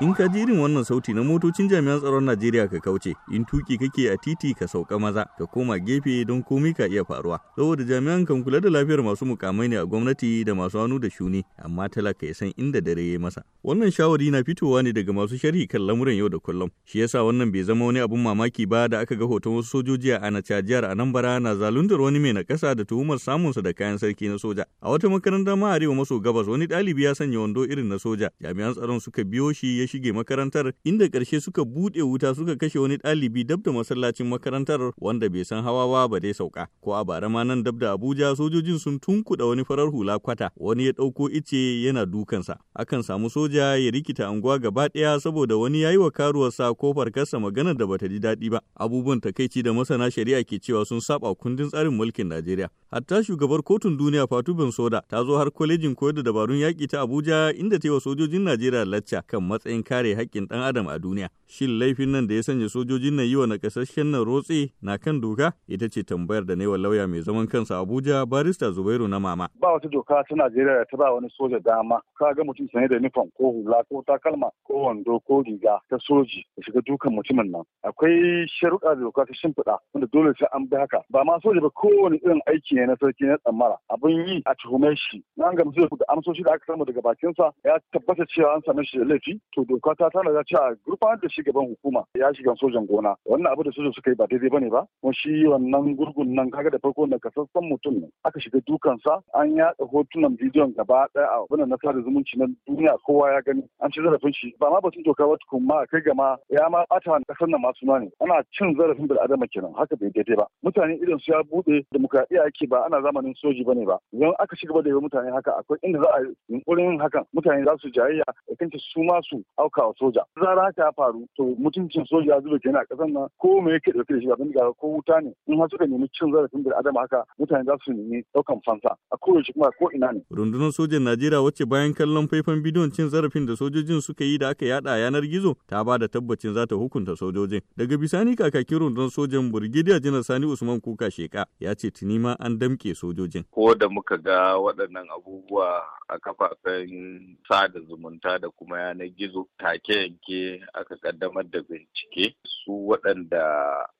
in ka ji irin wannan sauti na motocin jami'an tsaron najeriya ka kauce in tuki kake a titi ka sauka maza ka koma gefe don komai ka iya faruwa saboda jami'an kan kula da lafiyar masu mukamai ne a gwamnati da masu hannu da shuni amma talaka ya san inda dare ya masa wannan shawari na fitowa ne daga masu sharhi kan lamuran yau da kullum shi yasa wannan bai zama wani abun mamaki ba da aka ga hoton wasu sojoji a a jihar bara na zalundar wani mai na ƙasa da tuhumar samunsa da kayan sarki na soja a wata makarantar ma arewa maso gabas wani ɗalibi ya sanya wando irin na soja jami'an tsaron suka biyo shi ya shige makarantar inda karshe suka buɗe wuta suka kashe wani ɗalibi dab da masallacin makarantar wanda bai san hawa ba ba dai sauka ko a bara ma nan dab da Abuja sojojin sun tunkuɗa wani farar hula kwata wani ya ɗauko ice yana dukansa akan samu soja ya rikita anguwa gaba ɗaya saboda wani yayi wa karuwarsa ko farkarsa magana da bata ji daɗi ba abubuwan takaici da masana shari'a ke cewa sun saba kundin tsarin mulkin Najeriya hatta shugabar kotun duniya Fatu soda ta zo har kwalejin koyar da dabarun yaƙi ta Abuja inda ta yi wa sojojin Najeriya lacca kan matsayin matsayin kare haƙƙin ɗan adam a duniya. Shin laifin nan da ya sanya sojojin nan yi wa naƙasashen nan rotse na kan doka? Ita ce tambayar da newa lauya mai zaman kansa Abuja barista Zubairu na mama. Ba wata doka ta Najeriya da ta ba wani soja dama. Ka ga mutum sanye da nufan ko hula ko takalma ko wando ko riga ta soji da shiga dukan mutumin nan. Akwai sharuɗa da doka ta shimfiɗa wanda dole sai an bi haka. Ba ma soja ba kowane irin aiki ne na sarki na tsammara. Abin yi a tuhume shi. Na an gamsu da amsoshi da aka samu daga bakinsa ya tabbata cewa an same shi da laifi to doka ta tana da cewa gurfanar da shi gaban hukuma ya shiga sojan gona wannan abu da soja suka yi ba daidai bane ba kuma shi wannan gurgun nan kaga da farko na kasassan mutum ne aka shiga dukan sa. an yaɗa hotunan bidiyon gaba ɗaya a wannan na sada zumunci na duniya kowa ya gani an ci zarafin shi ba ma batun doka ba tukun ma kai gama ya ma ɓata wani kasar nan masu ne ana cin zarafin bil adama kenan haka bai daidai ba mutane irin su ya buɗe demokradiyya ake ba ana zamanin soji bane ba idan aka shiga da mutane haka akwai inda za a yunkurin hakan mutane za su jayayya kanta su ma su aukawa soja zara haka ya faru to mutuncin soja ya zube kenan a kasan nan ko me yake dauke da shi ba bindiga ko wuta ne in har suka nemi cin zarafin bil adama haka mutane za su nemi ɗaukan fansa a koyaushe kuma ko ina ne rundunar sojan Najeriya wacce bayan kallon faifan bidiyon cin zarafin da sojojin suka yi da aka yada a yanar gizo ta ba da tabbacin za ta hukunta sojojin daga bisani kakakin rundunar sojan Burgidiya Janar Sani Usman Kuka Sheka ya ce tuni ma an damke sojojin ko da muka ga waɗannan abubuwa a kafafen sada zumunta da kuma yanar gizo take yanke aka kaddamar da bincike su waɗanda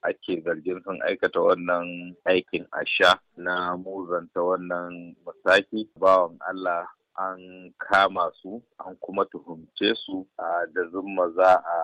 ake zargin sun aikata wannan aikin asha na muzanta wannan masaki bawan Allah an kama su an kuma tuhumce su da zumma za a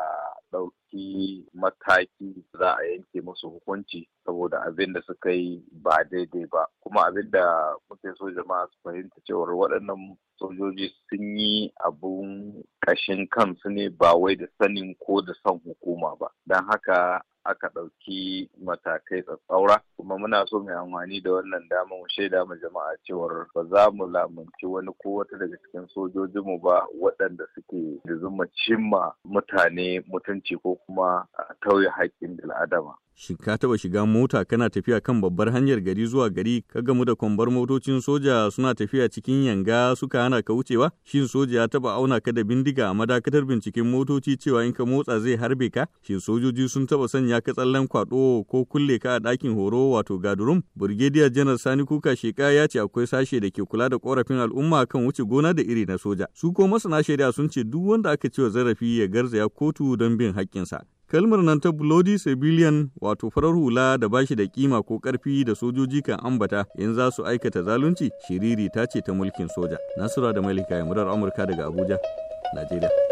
ɗauki mataki za a yanke musu hukunci saboda abin da suka yi ba daidai ba kuma abin da muke so jama'a su fahimta cewar waɗannan sojoji sun yi abun ƙashin kansu ne ba wai da sanin ko da son hukuma ba don haka aka ɗauki matakai tsatsaura kuma muna so mai amfani da wannan damar mu shaida mu jama'a cewar ba za mu lamunci wani ko wata daga cikin sojojinmu ba waɗanda suke da zuma cimma mutane mutunci ko kuma tauye haƙƙin bil'adama Shin ka taba shiga mota kana tafiya kan babbar hanyar gari zuwa gari ka gamu da kwambar motocin soja suna tafiya cikin yanga suka hana ka wucewa? Shin soja ya taba auna ka da bindiga a madakatar binciken motoci cewa in ka motsa zai harbe ka? Shin sojoji sun taba sanya ka tsallen kwaɗo ko kulle ka a ɗakin horo wato gadurum? Brigadier Janar Sani Kuka Sheka ya ce akwai sashe da ke kula da korafin al'umma kan wuce gona da iri na soja. Su ko masana shari'a sun ce duk wanda aka wa zarafi ya garzaya kotu don bin haƙƙinsa. Kalmar nan ta Bloody Civilian wato farar hula da bashi da kima ko karfi da sojoji kan ambata in za su aikata zalunci shiriri ta ce ta mulkin soja. Nasura da Malika murar Amurka daga Abuja, Najeriya.